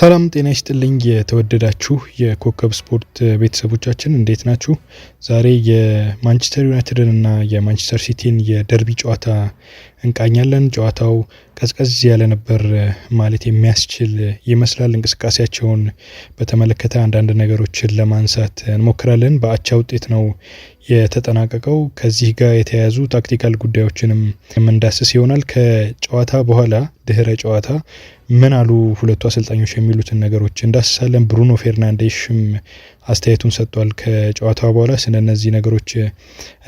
ሰላም ጤና ይስጥልኝ። የተወደዳችሁ የኮከብ ስፖርት ቤተሰቦቻችን እንዴት ናችሁ? ዛሬ የማንቸስተር ዩናይትድን እና የማንቸስተር ሲቲን የደርቢ ጨዋታ እንቃኛለን። ጨዋታው ቀዝቀዝ ያለ ነበር ማለት የሚያስችል ይመስላል። እንቅስቃሴያቸውን በተመለከተ አንዳንድ ነገሮችን ለማንሳት እንሞክራለን። በአቻ ውጤት ነው የተጠናቀቀው። ከዚህ ጋር የተያያዙ ታክቲካል ጉዳዮችንም የምንዳስስ ይሆናል። ከጨዋታ በኋላ ድህረ ጨዋታ ምን አሉ ሁለቱ አሰልጣኞች የሚሉትን ነገሮች እንዳስሳለን። ብሩኖ ፌርናንዴሽም አስተያየቱን ሰጥቷል። ከጨዋታ በኋላ ስለ እነዚህ ነገሮች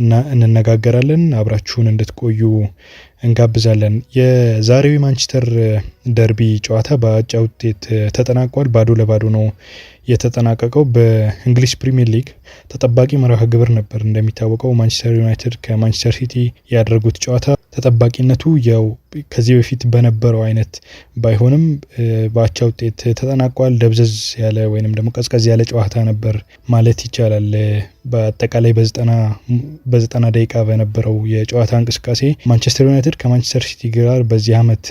እና እንነጋገራለን። አብራችሁን እንድትቆዩ እንጋብዛለን። የዛሬው ማንቸስተር ደርቢ ጨዋታ በአጫ ውጤት ተጠናቋል። ባዶ ለባዶ ነው የተጠናቀቀው በእንግሊዝ ፕሪሚየር ሊግ ተጠባቂ መርሃ ግብር ነበር። እንደሚታወቀው ማንቸስተር ዩናይትድ ከማንቸስተር ሲቲ ያደረጉት ጨዋታ ተጠባቂነቱ ያው ከዚህ በፊት በነበረው አይነት ባይሆንም በአቻ ውጤት ተጠናቋል። ደብዘዝ ያለ ወይም ደግሞ ቀዝቀዝ ያለ ጨዋታ ነበር ማለት ይቻላል። በአጠቃላይ በዘጠና ደቂቃ በነበረው የጨዋታ እንቅስቃሴ ማንቸስተር ዩናይትድ ከማንቸስተር ሲቲ ጋር በዚህ ዓመት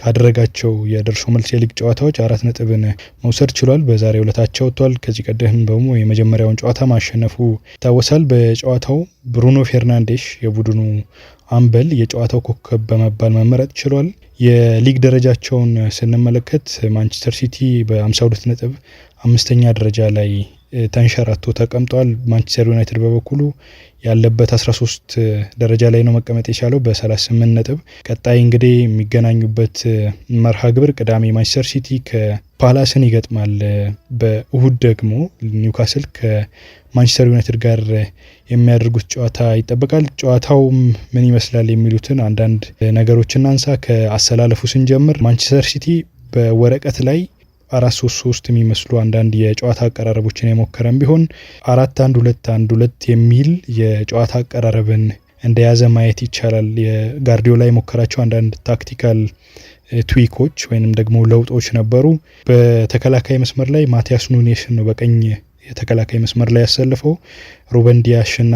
ካደረጋቸው የደርሶ መልስ የሊግ ጨዋታዎች አራት ነጥብን መውሰድ ችሏል። በዛሬ ሁለታቸው ወጥቷል። ከዚህ ቀደም ደግሞ የመጀመሪያውን ጨዋታ ማሸነፉ ይታወሳል። በጨዋታው ብሩኖ ፌርናንዴሽ የቡድኑ አምበል የጨዋታው ኮከብ በመባል መመረጥ ችሏል። የሊግ ደረጃቸውን ስንመለከት ማንቸስተር ሲቲ በ52 ነጥብ አምስተኛ ደረጃ ላይ ተንሸራቶ ተቀምጧል። ማንቸስተር ዩናይትድ በበኩሉ ያለበት 13 ደረጃ ላይ ነው መቀመጥ የቻለው በ38 ነጥብ። ቀጣይ እንግዲህ የሚገናኙበት መርሃ ግብር ቅዳሜ ማንቸስተር ሲቲ ከፓላስን ይገጥማል። በእሁድ ደግሞ ኒውካስል ከማንቸስተር ዩናይትድ ጋር የሚያደርጉት ጨዋታ ይጠበቃል። ጨዋታውም ምን ይመስላል የሚሉትን አንዳንድ ከ10 ማሰላለፉ ስንጀምር ማንቸስተር ሲቲ በወረቀት ላይ አራት ሶስት ሶስት የሚመስሉ አንዳንድ የጨዋታ አቀራረቦችን የሞከረም ቢሆን አራት አንድ ሁለት አንድ ሁለት የሚል የጨዋታ አቀራረብን እንደያዘ ማየት ይቻላል። የጋርዲዮላ የሞከራቸው አንዳንድ ታክቲካል ትዊኮች ወይንም ደግሞ ለውጦች ነበሩ። በተከላካይ መስመር ላይ ማቲያስ ኑኔሽን ነው በቀኝ የተከላካይ መስመር ላይ ያሰልፈው ሩበን ዲያሽና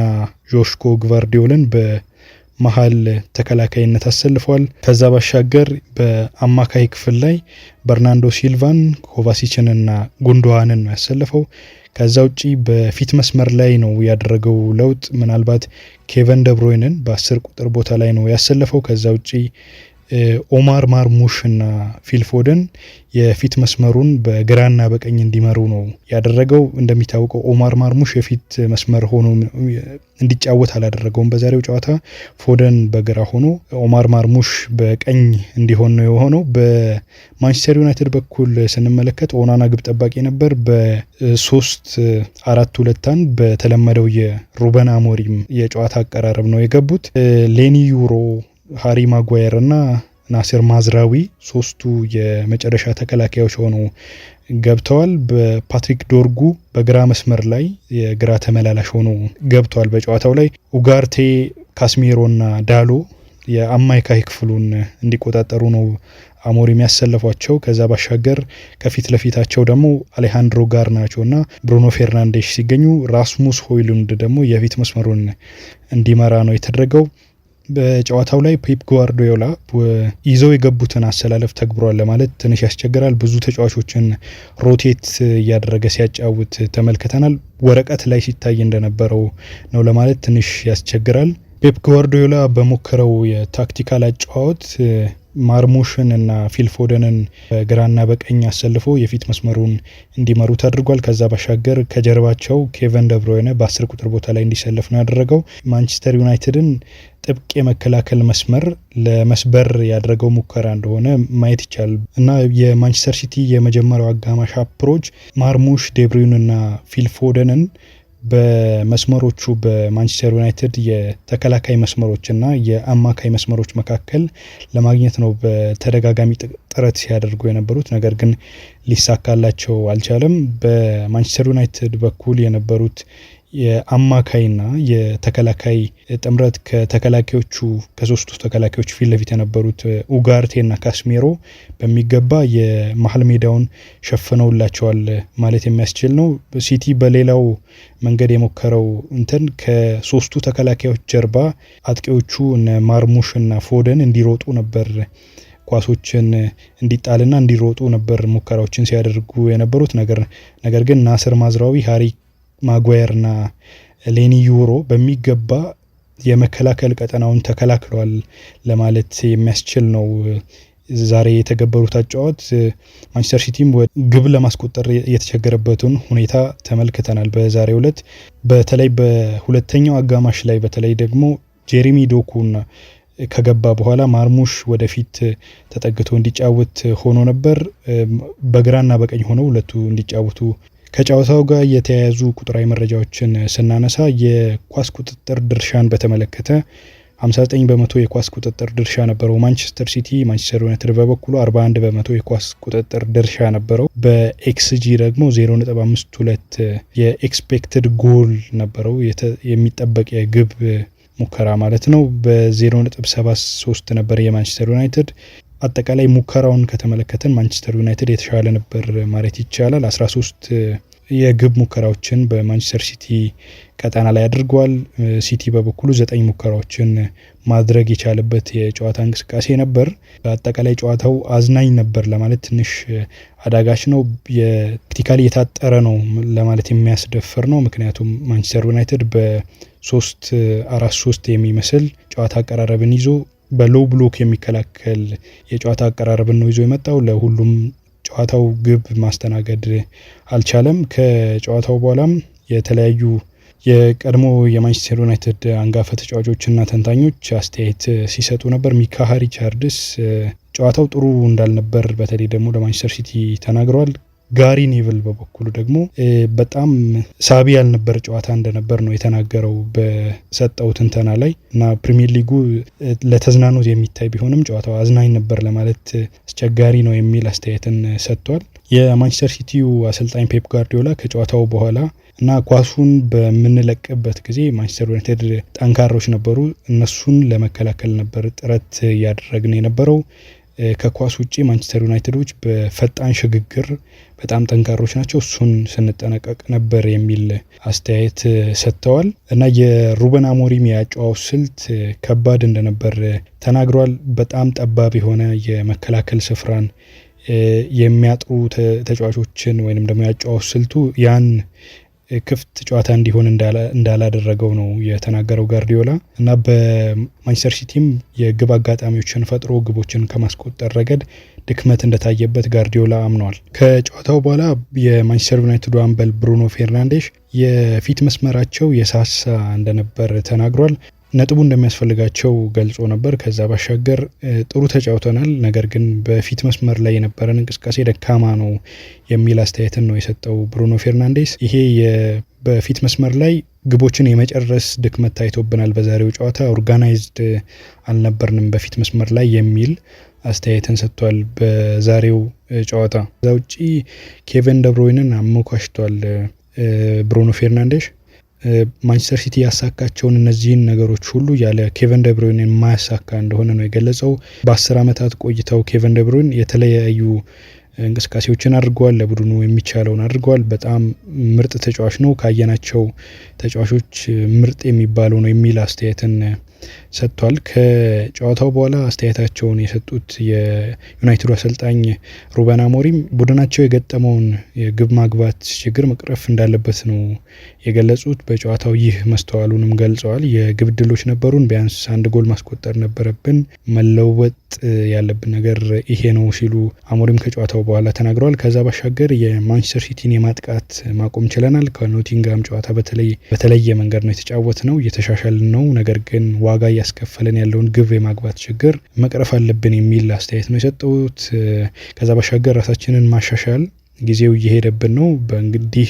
ጆሽኮ ግቫርዲዮልን መሀል ተከላካይነት አሰልፏል። ከዛ ባሻገር በአማካይ ክፍል ላይ በርናንዶ ሲልቫን ኮቫሲችን ና ጉንዶዋንን ነው ያሰለፈው። ከዛ ውጪ በፊት መስመር ላይ ነው ያደረገው ለውጥ ምናልባት ኬቨን ደብሮይንን በአስር ቁጥር ቦታ ላይ ነው ያሰለፈው። ከዛ ውጪ ኦማር ማርሙሽ እና ፊልፎደን የፊት መስመሩን በግራና በቀኝ እንዲመሩ ነው ያደረገው። እንደሚታወቀው ኦማር ማርሙሽ የፊት መስመር ሆኖ እንዲጫወት አላደረገውም በዛሬው ጨዋታ። ፎደን በግራ ሆኖ ኦማር ማርሙሽ በቀኝ እንዲሆን ነው የሆነው። በማንቸስተር ዩናይትድ በኩል ስንመለከት ኦናና ግብ ጠባቂ ነበር። በሶስት አራት ሁለታን በተለመደው የሩበን አሞሪም የጨዋታ አቀራረብ ነው የገቡት ሌኒ ዩሮ ሃሪ ማጓየር እና ናሲር ማዝራዊ ሶስቱ የመጨረሻ ተከላካዮች ሆኖ ገብተዋል። በፓትሪክ ዶርጉ በግራ መስመር ላይ የግራ ተመላላሽ ሆኖ ገብተዋል። በጨዋታው ላይ ኡጋርቴ፣ ካስሜሮና ዳሎ የአማካይ ክፍሉን እንዲቆጣጠሩ ነው አሞር የሚያሰለፏቸው። ከዛ ባሻገር ከፊት ለፊታቸው ደግሞ አሌሃንድሮ ጋርናቾ እና ብሩኖ ፌርናንዴሽ ሲገኙ፣ ራስሙስ ሆይሉንድ ደግሞ የፊት መስመሩን እንዲመራ ነው የተደረገው። በጨዋታው ላይ ፔፕ ጓርዲዮላ ይዘው የገቡትን አሰላለፍ ተግብሯል ለማለት ትንሽ ያስቸግራል። ብዙ ተጫዋቾችን ሮቴት እያደረገ ሲያጫውት ተመልክተናል። ወረቀት ላይ ሲታይ እንደነበረው ነው ለማለት ትንሽ ያስቸግራል። ፔፕ ጓርዲዮላ በሞከረው የታክቲካል አጨዋወት ማርሙሽን እና ፊልፎደንን በግራና በቀኝ አሰልፎ የፊት መስመሩን እንዲመሩ አድርጓል። ከዛ ባሻገር ከጀርባቸው ኬቨን ደብሮይነ በአስር ቁጥር ቦታ ላይ እንዲሰለፍ ነው ያደረገው። ማንቸስተር ዩናይትድን ጥብቅ የመከላከል መስመር ለመስበር ያደረገው ሙከራ እንደሆነ ማየት ይቻላል እና የማንቸስተር ሲቲ የመጀመሪያው አጋማሽ አፕሮች ማርሙሽ፣ ዴብሪዩን እና ፊልፎደንን በመስመሮቹ በማንቸስተር ዩናይትድ የተከላካይ መስመሮችና የአማካይ መስመሮች መካከል ለማግኘት ነው በተደጋጋሚ ጥረት ሲያደርጉ የነበሩት። ነገር ግን ሊሳካላቸው አልቻለም። በማንቸስተር ዩናይትድ በኩል የነበሩት የአማካይና የተከላካይ ጥምረት ከተከላካዮቹ ከሶስቱ ተከላካዮች ፊት ለፊት የነበሩት ኡጋርቴና ካስሜሮ በሚገባ የመሀል ሜዳውን ሸፍነውላቸዋል ማለት የሚያስችል ነው። ሲቲ በሌላው መንገድ የሞከረው እንትን ከሶስቱ ተከላካዮች ጀርባ አጥቂዎቹ እነ ማርሙሽ እና ፎደን እንዲሮጡ ነበር ኳሶችን እንዲጣልና እንዲሮጡ ነበር ሙከራዎችን ሲያደርጉ የነበሩት ነገር ነገር ግን ናስር ማዝራዊ ሀሪ ማጓየርና ሌኒ ዩሮ በሚገባ የመከላከል ቀጠናውን ተከላክሏል ለማለት የሚያስችል ነው። ዛሬ የተገበሩት አጫዋት ማንቸስተር ሲቲም ግብ ለማስቆጠር የተቸገረበትን ሁኔታ ተመልክተናል። በዛሬ ሁለት በተለይ በሁለተኛው አጋማሽ ላይ በተለይ ደግሞ ጄሬሚ ዶኩና ከገባ በኋላ ማርሙሽ ወደፊት ተጠግቶ እንዲጫወት ሆኖ ነበር። በግራና በቀኝ ሆነው ሁለቱ እንዲጫወቱ ከጨዋታው ጋር የተያያዙ ቁጥራዊ መረጃዎችን ስናነሳ የኳስ ቁጥጥር ድርሻን በተመለከተ 59 በመቶ የኳስ ቁጥጥር ድርሻ ነበረው ማንቸስተር ሲቲ። ማንቸስተር ዩናይትድ በበኩሉ 41 በመቶ የኳስ ቁጥጥር ድርሻ ነበረው። በኤክስጂ ደግሞ 0.52 የኤክስፔክትድ ጎል ነበረው፣ የሚጠበቅ የግብ ሙከራ ማለት ነው። በ0.73 ነበር የማንቸስተር ዩናይትድ አጠቃላይ ሙከራውን ከተመለከተን ማንቸስተር ዩናይትድ የተሻለ ነበር ማለት ይቻላል። 13 የግብ ሙከራዎችን በማንቸስተር ሲቲ ቀጠና ላይ አድርጓል። ሲቲ በበኩሉ ዘጠኝ ሙከራዎችን ማድረግ የቻለበት የጨዋታ እንቅስቃሴ ነበር። አጠቃላይ ጨዋታው አዝናኝ ነበር ለማለት ትንሽ አዳጋች ነው። የታክቲካሊ የታጠረ ነው ለማለት የሚያስደፍር ነው። ምክንያቱም ማንቸስተር ዩናይትድ በሶስት አራት ሶስት የሚመስል ጨዋታ አቀራረብን ይዞ በሎው ብሎክ የሚከላከል የጨዋታ አቀራረብ ነው ይዞ የመጣው። ለሁሉም ጨዋታው ግብ ማስተናገድ አልቻለም። ከጨዋታው በኋላም የተለያዩ የቀድሞ የማንቸስተር ዩናይትድ አንጋፋ ተጫዋቾችና ተንታኞች አስተያየት ሲሰጡ ነበር። ሚካሃ ሪቻርድስ ጨዋታው ጥሩ እንዳልነበር በተለይ ደግሞ ለማንቸስተር ሲቲ ተናግረዋል። ጋሪ ኔቭል በበኩሉ ደግሞ በጣም ሳቢ ያልነበረ ጨዋታ እንደነበር ነው የተናገረው በሰጠው ትንተና ላይ እና ፕሪሚየር ሊጉ ለተዝናኖት የሚታይ ቢሆንም ጨዋታው አዝናኝ ነበር ለማለት አስቸጋሪ ነው የሚል አስተያየትን ሰጥቷል። የማንቸስተር ሲቲው አሰልጣኝ ፔፕ ጋርዲዮላ ከጨዋታው በኋላ እና ኳሱን በምንለቅበት ጊዜ ማንቸስተር ዩናይትድ ጠንካሮች ነበሩ፣ እነሱን ለመከላከል ነበር ጥረት እያደረግን የነበረው ከኳስ ውጪ ማንቸስተር ዩናይትዶች በፈጣን ሽግግር በጣም ጠንካሮች ናቸው። እሱን ስንጠነቀቅ ነበር የሚል አስተያየት ሰጥተዋል እና የሩበን አሞሪም የአጨዋወት ስልት ከባድ እንደነበር ተናግሯል። በጣም ጠባብ የሆነ የመከላከል ስፍራን የሚያጥሩ ተጫዋቾችን ወይም ደግሞ የአጨዋወት ስልቱ ያን ክፍት ጨዋታ እንዲሆን እንዳላደረገው ነው የተናገረው ጋርዲዮላ እና በማንቸስተር ሲቲም የግብ አጋጣሚዎችን ፈጥሮ ግቦችን ከማስቆጠር ረገድ ድክመት እንደታየበት ጋርዲዮላ አምነዋል። ከጨዋታው በኋላ የማንቸስተር ዩናይትዱ አምበል ብሩኖ ፌርናንዴሽ የፊት መስመራቸው የሳሳ እንደነበር ተናግሯል። ነጥቡ እንደሚያስፈልጋቸው ገልጾ ነበር። ከዛ ባሻገር ጥሩ ተጫውተናል፣ ነገር ግን በፊት መስመር ላይ የነበረን እንቅስቃሴ ደካማ ነው የሚል አስተያየትን ነው የሰጠው ብሩኖ ፌርናንዴስ። ይሄ በፊት መስመር ላይ ግቦችን የመጨረስ ድክመት ታይቶብናል፣ በዛሬው ጨዋታ ኦርጋናይዝድ አልነበርንም በፊት መስመር ላይ የሚል አስተያየትን ሰጥቷል። በዛሬው ጨዋታ ከዛ ውጪ ኬቨን ደብሮይንን አሞካሽቷል ብሩኖ ፌርናንዴሽ ማንቸስተር ሲቲ ያሳካቸውን እነዚህን ነገሮች ሁሉ ያለ ኬቨን ደብሮይን የማያሳካ እንደሆነ ነው የገለጸው። በአስር ዓመታት ቆይታው ኬቨን ደብሮይን የተለያዩ እንቅስቃሴዎችን አድርገዋል። ለቡድኑ የሚቻለውን አድርገዋል። በጣም ምርጥ ተጫዋች ነው፣ ካየናቸው ተጫዋቾች ምርጥ የሚባለው ነው የሚል አስተያየትን ሰጥቷል። ከጨዋታው በኋላ አስተያየታቸውን የሰጡት የዩናይትዱ አሰልጣኝ ሩበን አሞሪም ቡድናቸው የገጠመውን የግብ ማግባት ችግር መቅረፍ እንዳለበት ነው የገለጹት። በጨዋታው ይህ መስተዋሉንም ገልጸዋል። የግብ ድሎች ነበሩን፣ ቢያንስ አንድ ጎል ማስቆጠር ነበረብን። መለወጥ ያለብን ነገር ይሄ ነው ሲሉ አሞሪም ከጨዋታው በኋላ ተናግረዋል። ከዛ ባሻገር የማንቸስተር ሲቲን የማጥቃት ማቆም ችለናል። ከኖቲንጋም ጨዋታ በተለይ በተለየ መንገድ ነው የተጫወት ነው፣ እየተሻሻልን ነው ነገር ግን ዋጋ እያስከፈለን ያለውን ግብ የማግባት ችግር መቅረፍ አለብን የሚል አስተያየት ነው የሰጠሁት። ከዛ ባሻገር ራሳችንን ማሻሻል ጊዜው እየሄደብን ነው። በእንግዲህ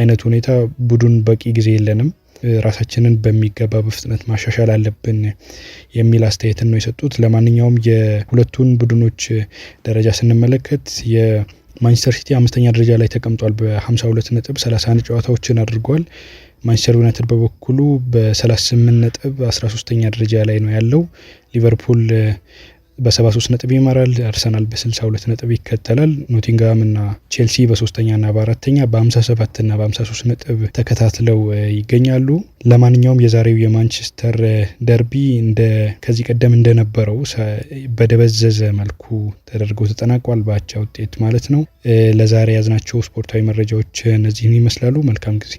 አይነት ሁኔታ ቡድን በቂ ጊዜ የለንም። ራሳችንን በሚገባ በፍጥነት ማሻሻል አለብን የሚል አስተያየትን ነው የሰጡት። ለማንኛውም የሁለቱን ቡድኖች ደረጃ ስንመለከት የማንቸስተር ሲቲ አምስተኛ ደረጃ ላይ ተቀምጧል በ52 ነጥብ 31 ጨዋታዎችን አድርጓል። ማንቸስተር ዩናይትድ በበኩሉ በ38 ነጥብ 13ተኛ ደረጃ ላይ ነው ያለው። ሊቨርፑል በ73 ነጥብ ይመራል። አርሰናል በ62 ነጥብ ይከተላል። ኖቲንግሃም እና ቼልሲ በሶስተኛ ና በአራተኛ በ57 ና በ53 ነጥብ ተከታትለው ይገኛሉ። ለማንኛውም የዛሬው የማንቸስተር ደርቢ እንደ ከዚህ ቀደም እንደነበረው በደበዘዘ መልኩ ተደርጎ ተጠናቋል፣ በአቻ ውጤት ማለት ነው። ለዛሬ ያዝናቸው ስፖርታዊ መረጃዎች እነዚህን ይመስላሉ። መልካም ጊዜ